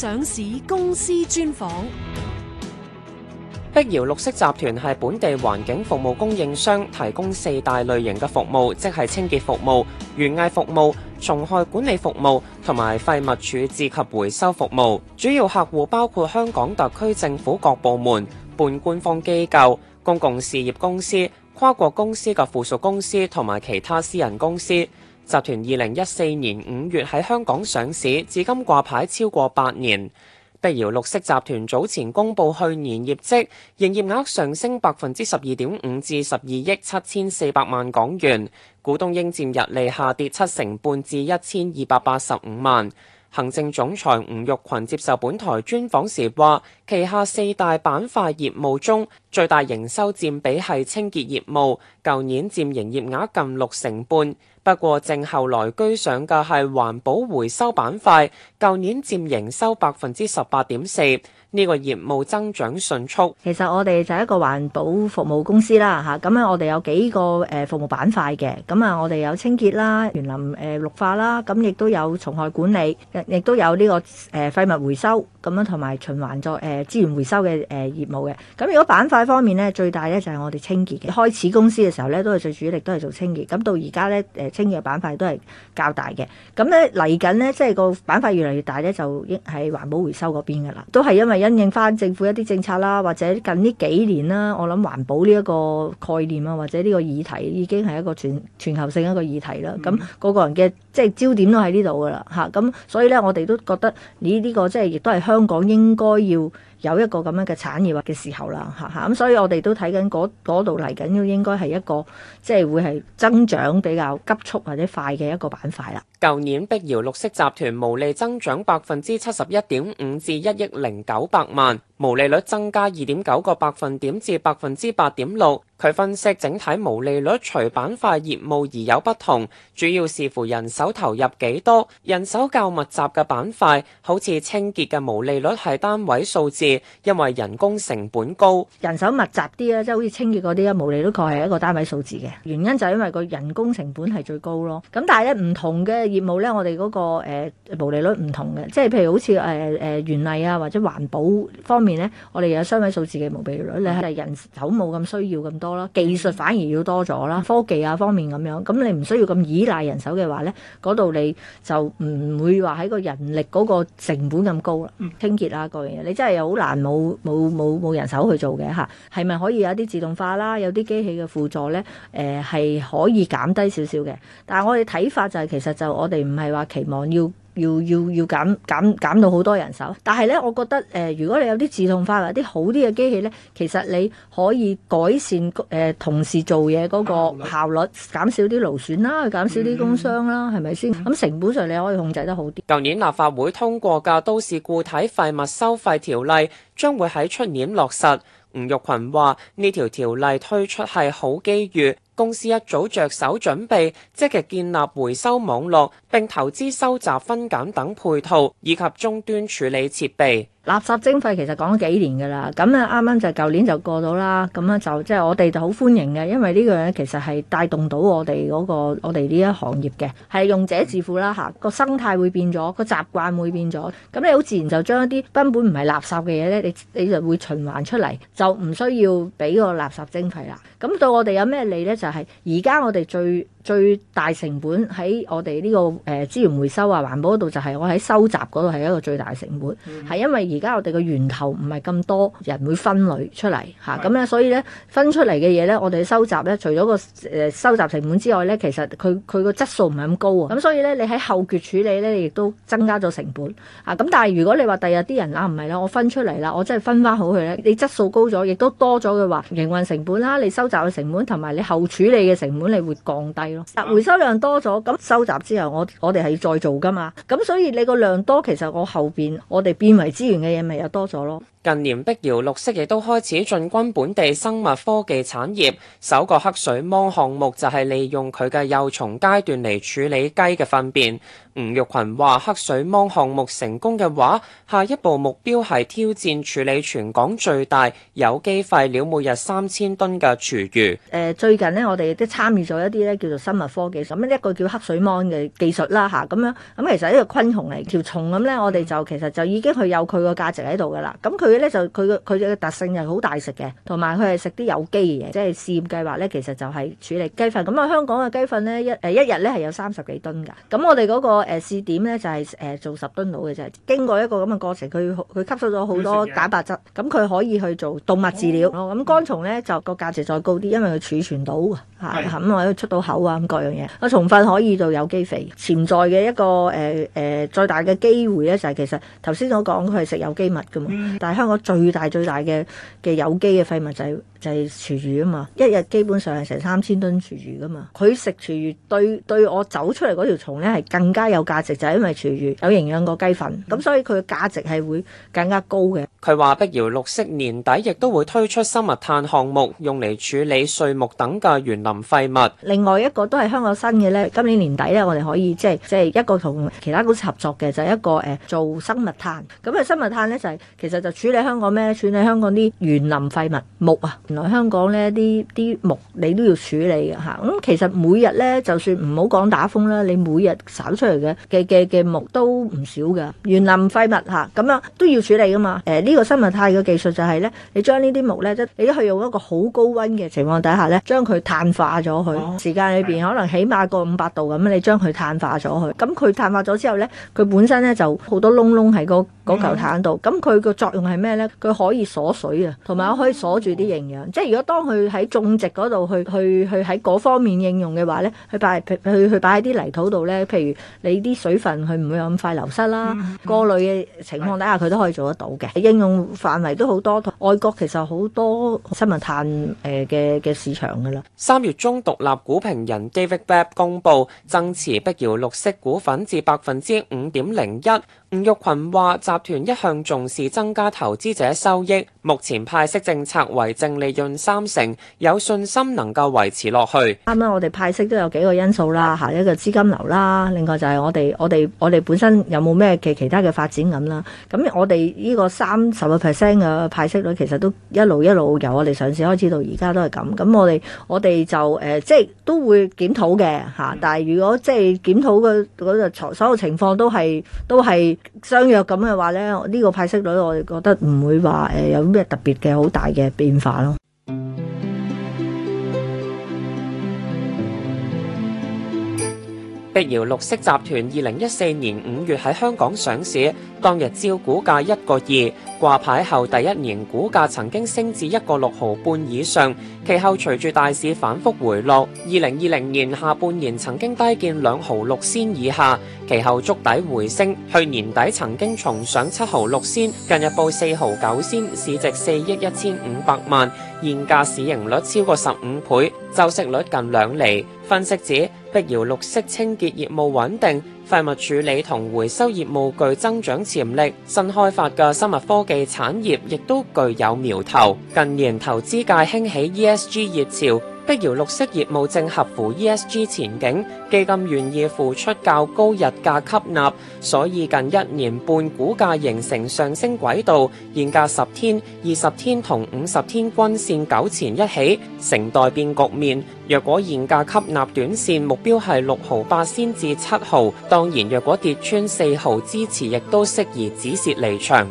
上市公司專訪。碧瑤綠色集團係本地環境服務供應商，提供四大類型嘅服務，即係清潔服務、園藝服務、蟲害管理服務同埋廢物處置及回收服務。主要客戶包括香港特區政府各部門、半官方機構、公共事業公司、跨國公司嘅附屬公司同埋其他私人公司。集團二零一四年五月喺香港上市，至今掛牌超過八年。碧瑤綠色集團早前公布去年業績，營業額上升百分之十二點五至十二億七千四百萬港元，股東應佔溢利下跌七成半至一千二百八十五萬。行政總裁吳玉群接受本台專訪時話，旗下四大板塊業務中，最大營收佔比係清潔業務，舊年佔營業額近六成半。不過，正後來居上嘅係環保回收板塊，舊年佔營收百分之十八點四。呢個業務增長迅速。其實我哋就係一個環保服務公司啦，吓咁樣我哋有幾個誒、呃、服務板塊嘅。咁啊，我哋有清潔啦、園林誒綠、呃、化啦，咁亦都有蟲害管理，亦都有呢、這個誒廢、呃、物回收，咁樣同埋循環再誒、呃、資源回收嘅誒、呃、業務嘅。咁如果板塊方面咧，最大咧就係、是、我哋清潔嘅。開始公司嘅時候咧，都係最主力都係做清潔。咁到而家咧，誒清潔板塊都係較大嘅。咁咧嚟緊咧，即係個板塊越嚟越大咧，就喺環保回收嗰邊噶啦，都係因為。因應翻政府一啲政策啦，或者近呢幾年啦，我諗環保呢一個概念啊，或者呢個議題已經係一個全全球性一個議題啦。咁個、嗯、個人嘅。即係焦點都喺呢度噶啦，嚇、啊、咁所以呢，我哋都覺得呢呢、個即係亦都係香港應該要有一個咁樣嘅產業嘅時候啦，嚇嚇，咁所以我哋都睇緊嗰度，嚟緊要應該係一個即係會係增長比較急速或者快嘅一個板塊啦。舊年碧瑤綠色集團毛利增長百分之七十一點五至一億零九百萬，毛利率增加二點九個百分點至百分之八點六。佢分析整體毛利率隨板塊業務而有不同，主要視乎人手投入幾多。人手較密集嘅板塊好似清潔嘅毛利率係單位數字，因為人工成本高。人手密集啲啊，即係好似清潔嗰啲啊，毛利率確係一個單位數字嘅原因，就係因為個人工成本係最高咯。咁但係咧，唔同嘅業務咧，我哋嗰個誒毛利率唔同嘅，即係譬如好似誒誒原嚟啊，或者環保方面咧，我哋有雙位數字嘅毛利率，你係人手冇咁需要咁多。技術反而要多咗啦，科技啊方面咁樣，咁你唔需要咁依賴人手嘅話呢，嗰度你就唔會話喺個人力嗰個成本咁高啦。嗯、清潔啊，各樣嘢，你真係好難冇冇冇人手去做嘅嚇。係咪可以有啲自動化啦？有啲機器嘅輔助呢，誒、呃、係可以減低少少嘅。但係我哋睇法就係、係、其實就我哋唔係話期望要。要要要減減減到好多人手，但係咧，我覺得誒、呃，如果你有啲自動化或者啲好啲嘅機器咧，其實你可以改善誒、呃、同事做嘢嗰個效率，減少啲勞損啦，減少啲工傷啦，係咪先？咁成本上你可以控制得好啲。舊年立法會通過嘅《都市固體廢物收費條例》將會喺出年落實，吳玉群話呢條條例推出係好機遇。公司一早着手準備積極建立回收網絡，並投資收集、分揀等配套，以及終端處理設備。垃圾徵費其實講咗幾年㗎喇，咁咧啱啱就舊年就過到啦，咁咧就即係、就是、我哋就好歡迎嘅，因為呢個其實係帶動到我哋嗰、嗰個我哋呢一行業嘅，係用者自負啦吓，個、啊、生態會變咗，個習慣會變咗，咁你好自然就將一啲根本唔係垃圾嘅嘢咧，你你就會循環出嚟，就唔需要俾個垃圾徵費啦。咁對我哋有咩利咧？就係而家我哋最最大成本喺我哋呢個誒資源回收啊、環保嗰度，就係我喺收集嗰度係一個最大嘅成本，係、嗯、因為而家我哋嘅源頭唔係咁多，人會分類出嚟嚇，咁咧是的 所以咧分出嚟嘅嘢咧，我哋收集咧，除咗個誒收集成本之外咧，其實佢佢個質素唔係咁高喎、啊，咁所以咧你喺後段處理咧，你亦都增加咗成本啊！咁但係如果你話第日啲人啊唔係啦，我分出嚟啦，我真係分翻好佢咧，你質素高咗，亦都多咗嘅話，營運成本啦、啊，你收集嘅成本同埋你後處理嘅成本，你會降低。回收量多咗，咁收集之後，我我哋係要再做噶嘛，咁所以你個量多，其實我後邊我哋變為資源嘅嘢咪又多咗咯。近年碧瑤綠色亦都開始進軍本地生物科技產業，首個黑水虻項目就係利用佢嘅幼蟲階段嚟處理雞嘅糞便。吳玉群話：黑水虻項目成功嘅話，下一步目標係挑戰處理全港最大有機廢料每日三千噸嘅廚餘。最近呢，我哋都參與咗一啲咧叫做生物科技，咁一個叫黑水虻嘅技術啦，吓咁樣咁其實一個昆蟲嚟條蟲咁呢我哋就其實就已經佢有佢個價值喺度噶啦，咁佢。佢咧就佢嘅佢嘅特性就好大食嘅，同埋佢係食啲有機嘅嘢，即係試驗計劃咧，其實就係處理雞糞。咁、嗯、啊，香港嘅雞糞咧一誒一日咧係有三十幾噸噶。咁、嗯、我哋嗰、那個誒試、呃、點咧就係、是、誒、呃、做十噸度嘅，啫。係經過一個咁嘅過程，佢佢吸收咗好多蛋白質。咁、嗯、佢可以去做動物飼料，咁乾蟲咧就個價值再高啲，因為佢儲存到吓咁的啊，可以出到口啊，咁各樣嘢。個蟲糞可以做有機肥。潛在嘅一個誒誒最大嘅機會咧就係、是、其實頭先所講佢係食有機物噶嘛，但係。香港最大最大嘅嘅有機嘅廢物就係、是。就係廚餘啊嘛，一日基本上係成三千噸廚餘噶嘛。佢食廚餘對對我走出嚟嗰條蟲咧係更加有價值，就係、是、因為廚餘有營養過雞粉，咁所以佢嘅價值係會更加高嘅。佢話碧瑤綠色年底亦都會推出生物炭項目，用嚟處理碎木等嘅園林廢物。另外一個都係香港新嘅呢。今年年底呢，我哋可以即係即係一個同其他公司合作嘅，就係、是、一個誒做生物炭。咁、那、啊、個、生物炭呢，就係、是、其實就處理香港咩？處理香港啲園林廢物木啊。原來香港咧啲啲木你都要處理嘅嚇，咁其實每日咧就算唔好講打風啦，你每日掃出嚟嘅嘅嘅嘅木都唔少嘅，園林廢物嚇，咁、啊、樣都要處理噶嘛。誒、呃、呢、這個生物炭嘅技術就係咧，你將呢啲木咧即係你去用一個好高温嘅情況底下咧，將佢碳化咗佢，時間裏邊可能起碼過五百度咁，你將佢碳化咗佢。咁佢碳化咗之後咧，佢本身咧就好多窿窿喺個。攞球炭度，咁佢個作用係咩咧？佢可以鎖水啊，同埋可以鎖住啲營養。即係如果當佢喺種植嗰度去去去喺嗰方面應用嘅話咧，佢擺佢佢擺喺啲泥土度咧，譬如你啲水分佢唔會有咁快流失啦。過濾嘅情況底下，佢都可以做得到嘅。應用範圍都好多，同外國其實好多生物炭誒嘅嘅市場噶啦。三月中獨立股評人 David Webb 公布增持碧瑤綠色股份至百分之五點零一。吳玉群話集。團一向重視，增加投資者收益，目前派息政策為淨利潤三成，有信心能夠維持落去。啱啊，我哋派息都有幾個因素啦，吓一個資金流啦，另外就係我哋我哋我哋本身有冇咩嘅其他嘅發展咁啦。咁我哋呢個三十個 percent 嘅派息率其實都一路一路由我哋上市開始到而家都係咁。咁我哋我哋就誒、呃，即係都會檢討嘅吓。但係如果即係檢討嘅個所有情況都係都係相約咁嘅。話咧，呢、這個派息率我哋覺得唔會話誒、呃、有咩特別嘅好大嘅變化咯。碧瑤綠色集團二零一四年五月喺香港上市，當日招股價一個二，掛牌後第一年股價曾經升至一個六毫半以上，其後隨住大市反覆回落。二零二零年下半年曾經低見兩毫六仙以下，其後築底回升，去年底曾經重上七毫六仙，近日報四毫九仙，市值四億一千五百萬，現價市盈率超過十五倍。收息率近兩厘，分析指碧瑤綠色清潔業務穩定。廢物處理同回收業務具增長潛力，新開發嘅生物科技產業亦都具有苗頭。近年投資界興起 ESG 熱潮，碧瑤綠色業務正合乎 ESG 前景，基金願意付出較高日價吸納，所以近一年半股價形成上升軌道。現價十天、二十天同五十天均線九前一起，成待變局面。若果現價吸納短線目標係六毫八先至七毫。當然，若果跌穿四毫支持，亦都適宜止蝕離場。